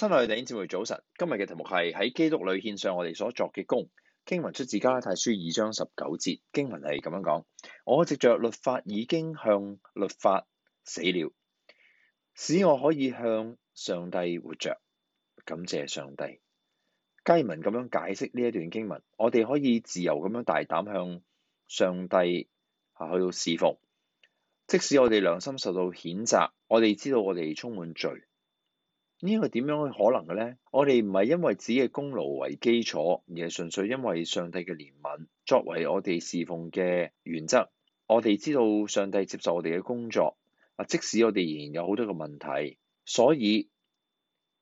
親愛嘅弟兄姊妹，早晨。今日嘅題目係喺基督裏獻上我哋所作嘅工」。經文出自加拉太書二章十九節，經文係咁樣講：我藉著律法已經向律法死了，使我可以向上帝活着。感謝上帝。佳文咁樣解釋呢一段經文，我哋可以自由咁樣大膽向上帝啊去到侍奉，即使我哋良心受到譴責，我哋知道我哋充滿罪。呢個點樣可能嘅咧？我哋唔係因為自己嘅功勞為基礎，而係純粹因為上帝嘅憐憫，作為我哋侍奉嘅原則。我哋知道上帝接受我哋嘅工作，啊，即使我哋仍然有好多嘅問題，所以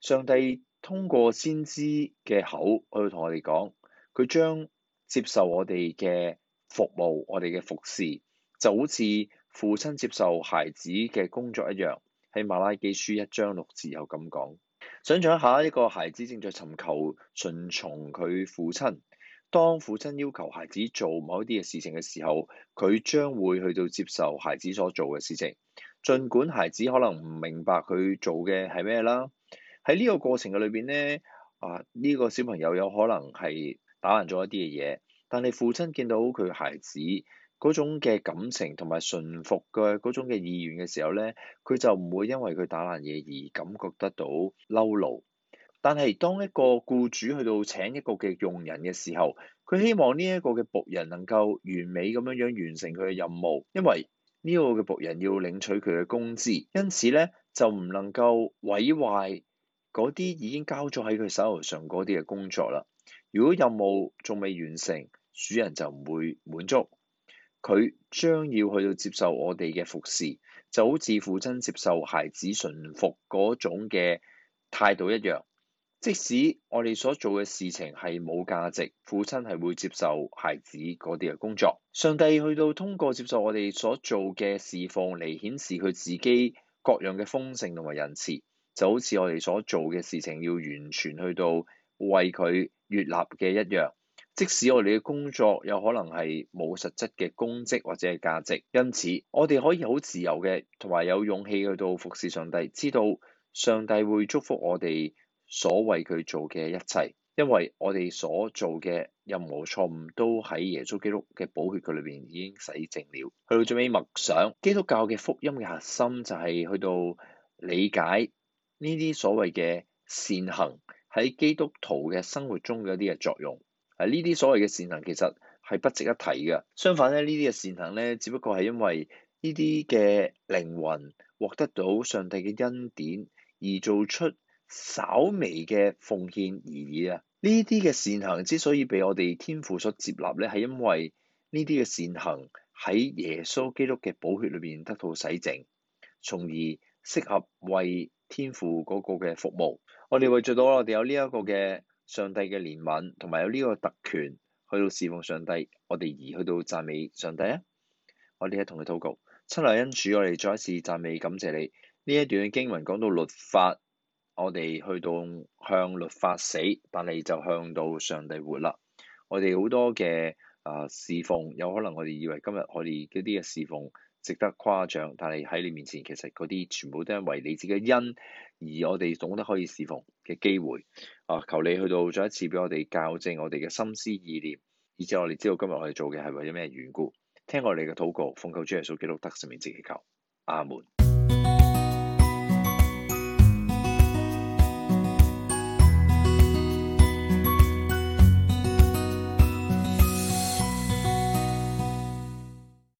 上帝通過先知嘅口去同我哋講，佢將接受我哋嘅服務，我哋嘅服侍，就好似父親接受孩子嘅工作一樣。喺馬拉基書一章六節有咁講，想象一下一個孩子正在尋求順從佢父親。當父親要求孩子做某一啲嘅事情嘅時候，佢將會去到接受孩子所做嘅事情，儘管孩子可能唔明白佢做嘅係咩啦。喺呢個過程嘅裏邊呢，啊、這、呢個小朋友有可能係打爛咗一啲嘅嘢，但係父親見到佢孩子嗰種嘅感情同埋順服嘅嗰種嘅意願嘅時候咧，佢就唔會因為佢打爛嘢而感覺得到嬲怒。但係當一個僱主去到請一個嘅用人嘅時候，佢希望呢一個嘅僕人能夠完美咁樣樣完成佢嘅任務，因為呢個嘅僕人要領取佢嘅工資，因此咧就唔能夠毀壞嗰啲已經交咗喺佢手頭上嗰啲嘅工作啦。如果任務仲未完成，主人就唔會滿足。佢將要去到接受我哋嘅服侍，就好似父親接受孩子順服嗰種嘅態度一樣。即使我哋所做嘅事情係冇價值，父親係會接受孩子嗰啲嘅工作。上帝去到通過接受我哋所做嘅事況嚟顯示佢自己各樣嘅豐盛同埋仁慈，就好似我哋所做嘅事情要完全去到為佢悅納嘅一樣。即使我哋嘅工作有可能係冇實質嘅功績或者係價值，因此我哋可以好自由嘅同埋有勇氣去到服侍上帝，知道上帝會祝福我哋所為佢做嘅一切，因為我哋所做嘅任何錯誤都喺耶穌基督嘅寶血佢裏邊已經洗淨了。去到最尾，默想基督教嘅福音嘅核心就係去到理解呢啲所謂嘅善行喺基督徒嘅生活中嘅一啲嘅作用。呢啲所謂嘅善行，其實係不值一提嘅。相反咧，呢啲嘅善行咧，只不過係因為呢啲嘅靈魂獲得到上帝嘅恩典，而做出稍微嘅奉獻而已啊！呢啲嘅善行之所以被我哋天父所接納咧，係因為呢啲嘅善行喺耶穌基督嘅寶血裏邊得到洗淨，從而適合為天父嗰個嘅服務。我哋會做到，我哋有呢一個嘅。上帝嘅憐憫同埋有呢個特權，去到侍奉上帝，我哋而去到讚美上帝啊！我哋喺同佢禱告，親愛嘅恩主，我哋再一次讚美感謝你。呢一段嘅經文講到律法，我哋去到向律法死，但係就向到上帝活啦。我哋好多嘅啊、呃、侍奉，有可能我哋以為今日我哋嗰啲嘅侍奉值得誇獎，但係喺你面前，其實嗰啲全部都係為你自己嘅恩而我哋總都可以侍奉。嘅機會啊！求你去到再一次畀我哋校正我哋嘅心思意念，以致我哋知道今日我哋做嘅係為咗咩緣故。聽我哋嘅禱告，奉救主耶穌基督得勝名字祈求，阿門。